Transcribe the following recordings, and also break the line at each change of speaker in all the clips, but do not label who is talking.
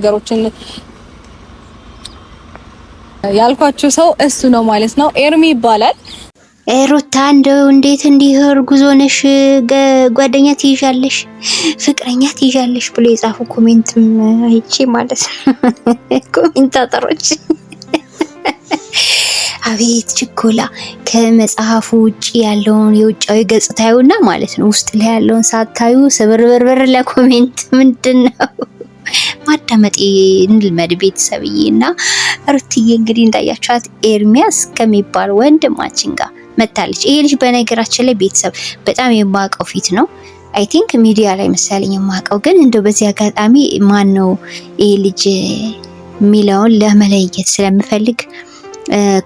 ነገሮችን ያልኳችሁ ሰው እሱ ነው ማለት ነው። ኤርሚ ይባላል።
ሩታ እንደው እንዴት እንዲህ እርጉዝ ነሽ? ጓደኛ ትይዣለሽ፣ ፍቅረኛ ትይዣለሽ ብሎ የጻፉ ኮሜንትም አይቼ ማለት ኮሜንት አጠሮች አቤት ችኮላ ከመጽሐፉ ውጭ ያለውን የውጫዊ ገጽታዩና ማለት ነው ውስጥ ላይ ያለውን ሳታዩ ስብርብርብር ለኮሜንት ምንድን ነው? ማዳመጥ እንልመድ ቤተሰብዬ። እና ሩትዬ እንግዲህ እንዳያችኋት ኤርሚያስ ከሚባል ወንድማችን ጋር መታለች። ይሄ ልጅ በነገራችን ላይ ቤተሰብ በጣም የማውቀው ፊት ነው። አይ ቲንክ ሚዲያ ላይ መሰለኝ የማውቀው፣ ግን እንደው በዚህ አጋጣሚ ማን ነው ይሄ ልጅ የሚለውን ለመለየት ስለምፈልግ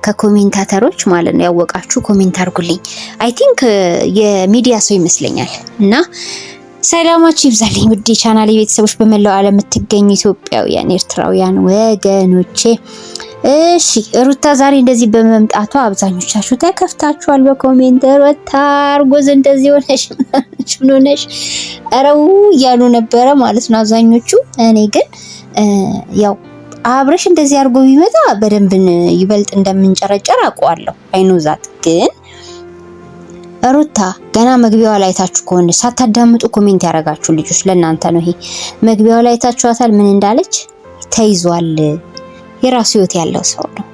ከኮሜንታተሮች ማለት ነው ያወቃችሁ ኮሜንት አድርጉልኝ። አይ ቲንክ የሚዲያ ሰው ይመስለኛል እና ሰላማችሁ ይብዛልኝ ውድ ቻናል ቤተሰቦች፣ በመላው ዓለም የምትገኙ ኢትዮጵያውያን፣ ኤርትራውያን ወገኖቼ። እሺ ሩታ ዛሬ እንደዚህ በመምጣቷ አብዛኞቻችሁ ተከፍታችኋል። በኮሜንት ሩታ አርጎዝ እንደዚህ ሆነሽ ምን ሆነሽ ረው እያሉ ነበረ ማለት ነው አብዛኞቹ። እኔ ግን ያው አብረሽ እንደዚህ አድርጎ ቢመጣ በደንብ ይበልጥ እንደምንጨረጨር አውቀዋለሁ። አይኖዛት ግን ሩታ ገና መግቢያዋ ላይ ታችሁ ከሆነ ሳታዳምጡ ኮሜንት ያደረጋችሁ ልጆች ለእናንተ ነው ይሄ። መግቢያዋ ላይ ታችኋታል፣ ምን እንዳለች ተይዟል፣ የራሱ ህይወት ያለው ሰው ነው፣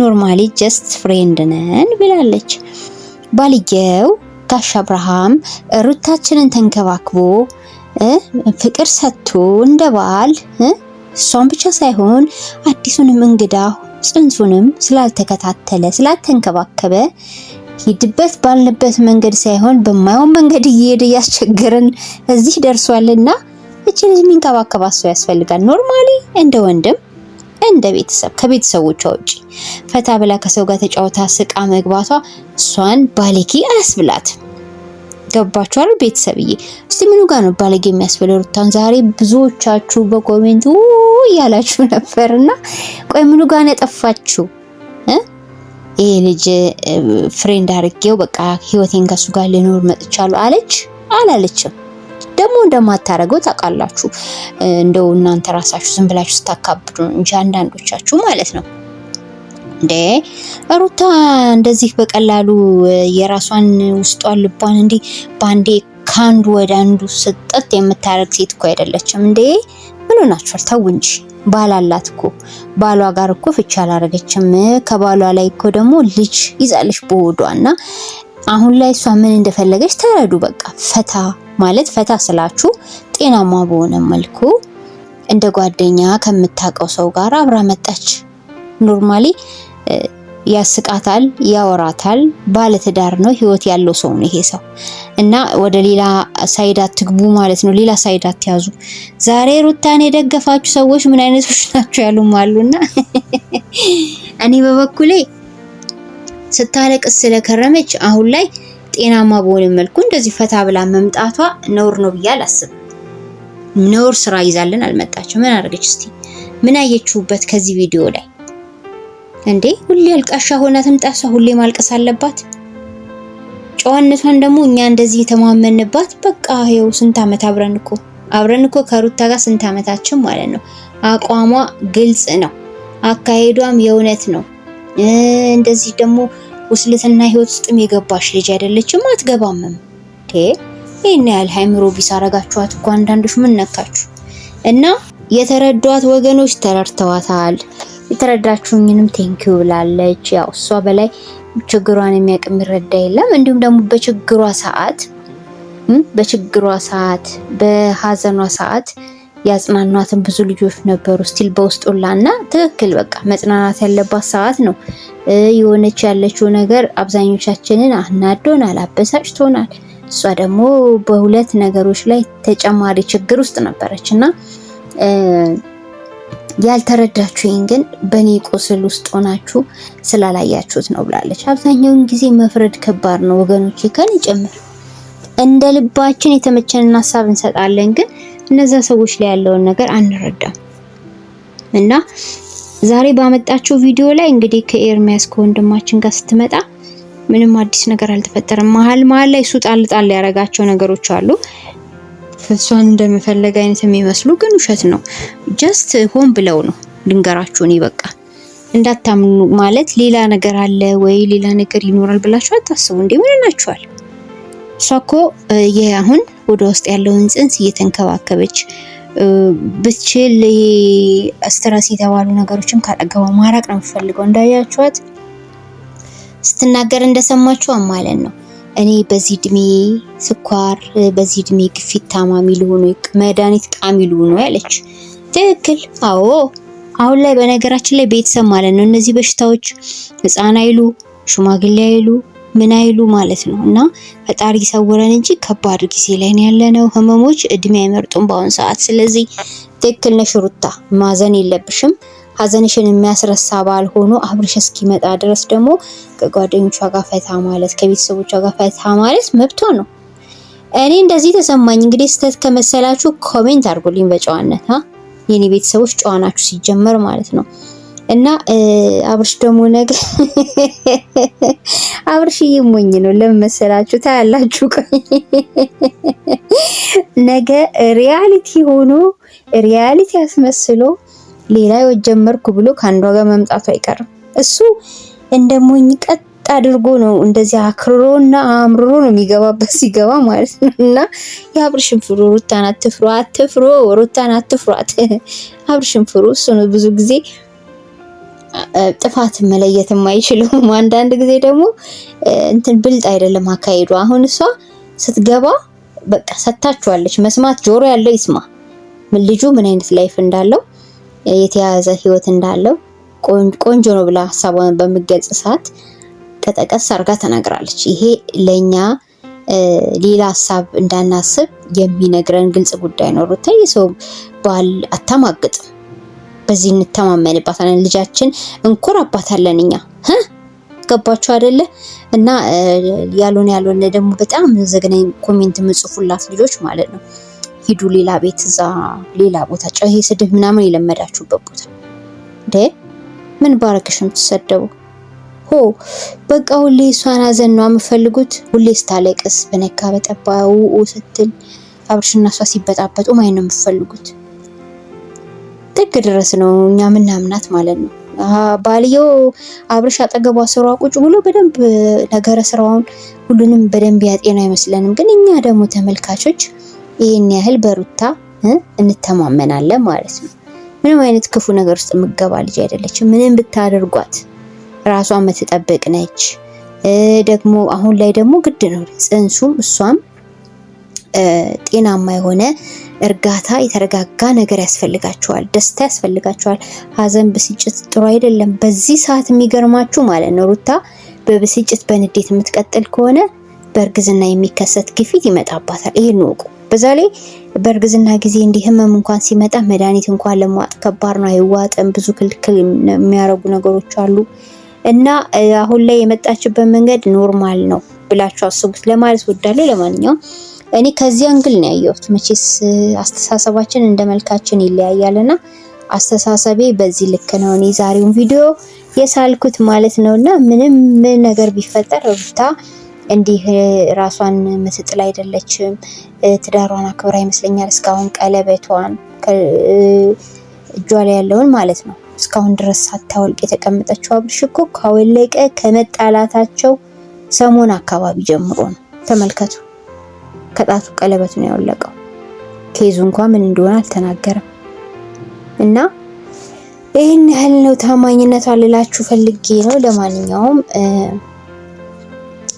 ኖርማሊ ጀስት ፍሬንድ ነን ብላለች። ባልየው ጋሽ አብርሃም ሩታችንን ተንከባክቦ ፍቅር ሰጥቶ እንደ ባል እሷን ብቻ ሳይሆን አዲሱንም እንግዳ ጽንሱንም ስላልተከታተለ ስላልተንከባከበ ሂድበት ባልንበት መንገድ ሳይሆን በማየው መንገድ እየሄደ እያስቸገረን እዚህ ደርሷልና እቺ ልጅ የሚንከባከባት ሰው ያስፈልጋል። ኖርማሊ እንደ ወንድም እንደ ቤተሰብ ከቤተሰቦቿ ውጪ ፈታ ብላ ከሰው ጋር ተጫውታ ስቃ መግባቷ እሷን ባለጌ አያስብላት። ገባችኋል ቤተሰብዬ? እስቲ ምኑ ጋር ነው ባለጌ የሚያስብለው ሩታን? ዛሬ ብዙዎቻችሁ በኮሜንት ያላችሁ ነበርና ቆይ ምኑ ጋር ነው ያጠፋችሁ? ይሄ ልጅ ፍሬንድ አድርጌው በቃ ህይወቴን ከሱ ጋር ልኖር መጥቻለሁ አለች አላለችም? ደግሞ እንደማታረገው ታውቃላችሁ። እንደው እናንተ ራሳችሁ ዝም ብላችሁ ስታካብዱ እንጂ አንዳንዶቻችሁ ማለት ነው። እንዴ ሩታ እንደዚህ በቀላሉ የራሷን ውስጧን ልቧን እንዲህ ባንዴ ከአንዱ ወደ አንዱ ስጠት የምታደርግ ሴት እኮ አይደለችም። እንዴ ምን ሆናችኋል? ተው እንጂ ባል አላት እኮ ባሏ ጋር እኮ ፍቺ አላረገችም። ከባሏ ላይ እኮ ደግሞ ልጅ ይዛለች በሆዷ እና አሁን ላይ እሷ ምን እንደፈለገች ተረዱ። በቃ ፈታ ማለት ፈታ ስላችሁ ጤናማ በሆነ መልኩ እንደ ጓደኛ ከምታውቀው ሰው ጋር አብራ መጣች ኖርማሊ ያስቃታል፣ ያወራታል። ባለትዳር ነው፣ ህይወት ያለው ሰው ነው ይሄ ሰው እና ወደ ሌላ ሳይድ አትግቡ ማለት ነው። ሌላ ሳይድ አትያዙ። ዛሬ ሩታን የደገፋችሁ ሰዎች ምን አይነቶች ናቸው ያሉም አሉና እኔ በበኩሌ ስታለቅስ ስለከረመች አሁን ላይ ጤናማ በሆነ መልኩ እንደዚህ ፈታ ብላ መምጣቷ ነውር ነው ብዬ አላስብም። ነውር ስራ ይዛልን አልመጣችም። ምን አደረገች እስቲ? ምን አየችሁበት ከዚህ ቪዲዮ ላይ እንዴ ሁሌ አልቃሻ ሆና ትምጣ። ሁሌ ማልቀስ አለባት። ጨዋነቷን ደግሞ እኛ እንደዚህ የተማመንባት በቃ ይኸው ስንት ዓመት አብረን እኮ አብረን እኮ ከሩታ ጋር ስንት ዓመታችን ማለት ነው። አቋሟ ግልጽ ነው። አካሄዷም የእውነት ነው። እንደዚህ ደግሞ ውስልትና ህይወት ውስጥም የገባሽ ልጅ አይደለችም፣ አትገባምም። ይህን ያህል ሃይምሮ ቢስ አረጋችኋት እኮ አንዳንዶች ምን ነካችሁ? እና የተረዷት ወገኖች ተረድተዋታል። የተረዳችሁኝንም ቴንኪው ብላለች። ያው እሷ በላይ ችግሯን የሚያውቅ የሚረዳ የለም። እንዲሁም ደግሞ በችግሯ ሰዓት በችግሯ ሰዓት በሀዘኗ ሰዓት ያጽናኗትን ብዙ ልጆች ነበሩ። ስቲል በውስጡላ እና ትክክል በቃ መጽናናት ያለባት ሰዓት ነው የሆነች ያለችው ነገር አብዛኞቻችንን አናዶናል፣ አበሳጭቶናል። እሷ ደግሞ በሁለት ነገሮች ላይ ተጨማሪ ችግር ውስጥ ነበረች እና ያልተረዳችሁኝ ግን በእኔ ቁስል ውስጥ ሆናችሁ ስላላያችሁት ነው ብላለች። አብዛኛውን ጊዜ መፍረድ ከባድ ነው ወገኖች፣ ከን ጭምር እንደ ልባችን የተመቸንን ሀሳብ እንሰጣለን፣ ግን እነዛ ሰዎች ላይ ያለውን ነገር አንረዳም እና ዛሬ ባመጣችው ቪዲዮ ላይ እንግዲህ ከኤርሚያስ ከወንድማችን ጋር ስትመጣ ምንም አዲስ ነገር አልተፈጠረም። መሀል መሀል ላይ እሱ ጣል ጣል ያደረጋቸው ነገሮች አሉ። እሷን እንደመፈለግ አይነት የሚመስሉ ግን ውሸት ነው። ጀስት ሆን ብለው ነው ልንገራችሁን ይበቃ እንዳታምኑ ማለት ሌላ ነገር አለ ወይ ሌላ ነገር ይኖራል ብላችሁ አታስቡ። እንዴ ምን ናችኋል? እሷ እኮ ይሄ አሁን ወደ ውስጥ ያለውን ጽንስ እየተንከባከበች ብትችል ይሄ ስትረስ የተባሉ ነገሮችን ካጠገቧ ማራቅ ነው የምፈልገው። እንዳያችኋት ስትናገር እንደሰማችኋት ማለት ነው። እኔ በዚህ እድሜ ስኳር፣ በዚህ እድሜ ግፊት ታማሚ ልሆን መድኃኒት ቃሚ ልሆን ያለች። ትክክል። አዎ አሁን ላይ በነገራችን ላይ ቤተሰብ ማለት ነው እነዚህ በሽታዎች ህፃን አይሉ ሽማግሌ አይሉ ምን አይሉ ማለት ነው። እና ፈጣሪ ሰውረን እንጂ ከባድ ጊዜ ላይ ነው ያለነው። ህመሞች እድሜ አይመርጡም በአሁን ሰዓት። ስለዚህ ትክክል ነሽ ሩታ፣ ማዘን የለብሽም። ሀዘንሽን የሚያስረሳ ባል ሆኖ አብርሽ እስኪመጣ ድረስ ደግሞ ከጓደኞቿ ጋር ፈታ ማለት ከቤተሰቦቿ ጋር ፈታ ማለት መብቶ ነው። እኔ እንደዚህ ተሰማኝ። እንግዲህ ስህተት ከመሰላችሁ ኮሜንት አድርጉልኝ በጨዋነት የኔ ቤተሰቦች ጨዋ ናችሁ ሲጀመር ማለት ነው። እና አብርሽ ደግሞ ነገ አብርሽ ይሞኝ ነው። ለምን መሰላችሁ? ታያላችሁ። ቆይ ነገ ሪያሊቲ ሆኖ ሪያሊቲ አስመስሎ ሌላ ህይወት ጀመርኩ ብሎ ከአንዷ ጋር መምጣቱ አይቀርም። እሱ እንደ ሞኝ ቀጥ አድርጎ ነው እንደዚህ አክርሮና አምርሮ ነው የሚገባበት ሲገባ ማለት ነው። እና የአብርሽን ፍሩ፣ ሩታን አትፍሩ፣ አትፍሩ፣ ሩታን አትፍሯት፣ አብርሽን ፍሩ። እሱ ነው ብዙ ጊዜ ጥፋት መለየት የማይችለውም። አንዳንድ ጊዜ ደግሞ እንትን ብልጥ አይደለም አካሄዱ። አሁን እሷ ስትገባ በቃ ሰታችኋለች። መስማት ጆሮ ያለው ይስማ፣ ልጁ ምን አይነት ላይፍ እንዳለው የተያያዘ ህይወት እንዳለው ቆንጆ ነው ብላ ሀሳቧን በሚገልጽ ሰዓት ከጠቀስ አርጋ ተናግራለች። ይሄ ለእኛ ሌላ ሀሳብ እንዳናስብ የሚነግረን ግልጽ ጉዳይ ነው። ሩታ ሰው ባል አታማግጥም። በዚህ እንተማመንባታለን። ልጃችን እንኮራባታለን። እኛ ገባችሁ አይደለ? እና ያልሆነ ያልሆነ ደግሞ በጣም ዘግናኝ ኮሜንት ምጽፉላት ልጆች ማለት ነው። ሂዱ ሌላ ቤት እዛ ሌላ ቦታ ይሄ ስድብ ምናምን የለመዳችሁበት ቦታ እንዴ ምን ባረክሽ የምትሰደቡ ሆ በቃ ሁሌ እሷን አዘን ነው የምፈልጉት ሁሌ ስታለቅስ በጠባ በጠባው ስትል አብርሽና እሷ ሲበጣበጡ ማየት ነው የምፈልጉት ጥግ ድረስ ነው እኛ ምናምናት ማለት ነው ባልየው አብርሽ አጠገቧ ስሯ ቁጭ ብሎ በደንብ ነገረ ስራውን ሁሉንም በደንብ ያጤን አይመስለንም ግን እኛ ደግሞ ተመልካቾች ይህን ያህል በሩታ እንተማመናለን ማለት ነው። ምንም አይነት ክፉ ነገር ውስጥ የምትገባ ልጅ አይደለችም። ምንም ብታደርጓት ራሷ የምትጠብቅ ነች። ደግሞ አሁን ላይ ደግሞ ግድ ነው ጽንሱም እሷም ጤናማ የሆነ እርጋታ፣ የተረጋጋ ነገር ያስፈልጋቸዋል። ደስታ ያስፈልጋቸዋል። ሀዘን ብስጭት ጥሩ አይደለም። በዚህ ሰዓት የሚገርማችሁ ማለት ነው ሩታ በብስጭት በንዴት የምትቀጥል ከሆነ በእርግዝና የሚከሰት ግፊት ይመጣባታል። ይሄን እወቁ። በዛ ላይ በእርግዝና ጊዜ እንዲህ ህመም እንኳን ሲመጣ መድኃኒት እንኳን ለመዋጥ ከባድ ነው፣ አይዋጥም። ብዙ ክልክል የሚያደርጉ ነገሮች አሉ እና አሁን ላይ የመጣችበት መንገድ ኖርማል ነው ብላችሁ አስቡት ለማለት ወዳለሁ። ለማንኛውም እኔ ከዚህ አንግል ነው ያየሁት። መቼስ አስተሳሰባችን እንደ መልካችን ይለያያል አስተሳሰቤ በዚህ ልክ ነው እኔ ዛሬውን ቪዲዮ የሳልኩት ማለት ነው እና ምንም ነገር ቢፈጠር ሩታ እንዲህ ራሷን ምትጥል አይደለችም። ትዳሯን አክብራ ይመስለኛል እስካሁን ቀለበቷን እጇ ላይ ያለውን ማለት ነው እስካሁን ድረስ ሳታወልቅ የተቀመጠችው አብርሽ እኮ ካወለቀ ከመጣላታቸው ሰሞን አካባቢ ጀምሮ ነው። ተመልከቱ፣ ከጣቱ ቀለበቱ ነው ያወለቀው። ኬዙ እንኳ ምን እንደሆነ አልተናገረም። እና ይህን ያህል ነው ታማኝነቷ ልላችሁ ፈልጌ ነው። ለማንኛውም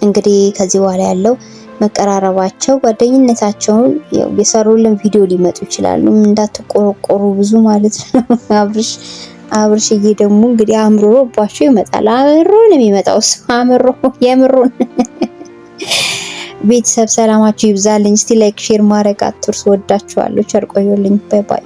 እንግዲህ ከዚህ በኋላ ያለው መቀራረባቸው ጓደኝነታቸውን የሰሩልን ቪዲዮ ሊመጡ ይችላሉ። እንዳትቆረቆሩ ብዙ ማለት ነው። አብርሽ አብርሽዬ ደግሞ እንግዲህ አምሮ ባቸው ይመጣል። አምሮ ነው የሚመጣው እሱ አምሮ የምሩን ቤተሰብ ሰላማችሁ ይብዛልኝ። እስቲ ላይክ ሼር ማድረግ አትርሱ። ወዳችኋለሁ። ቸር ቆዩልኝ። ባይ ባይ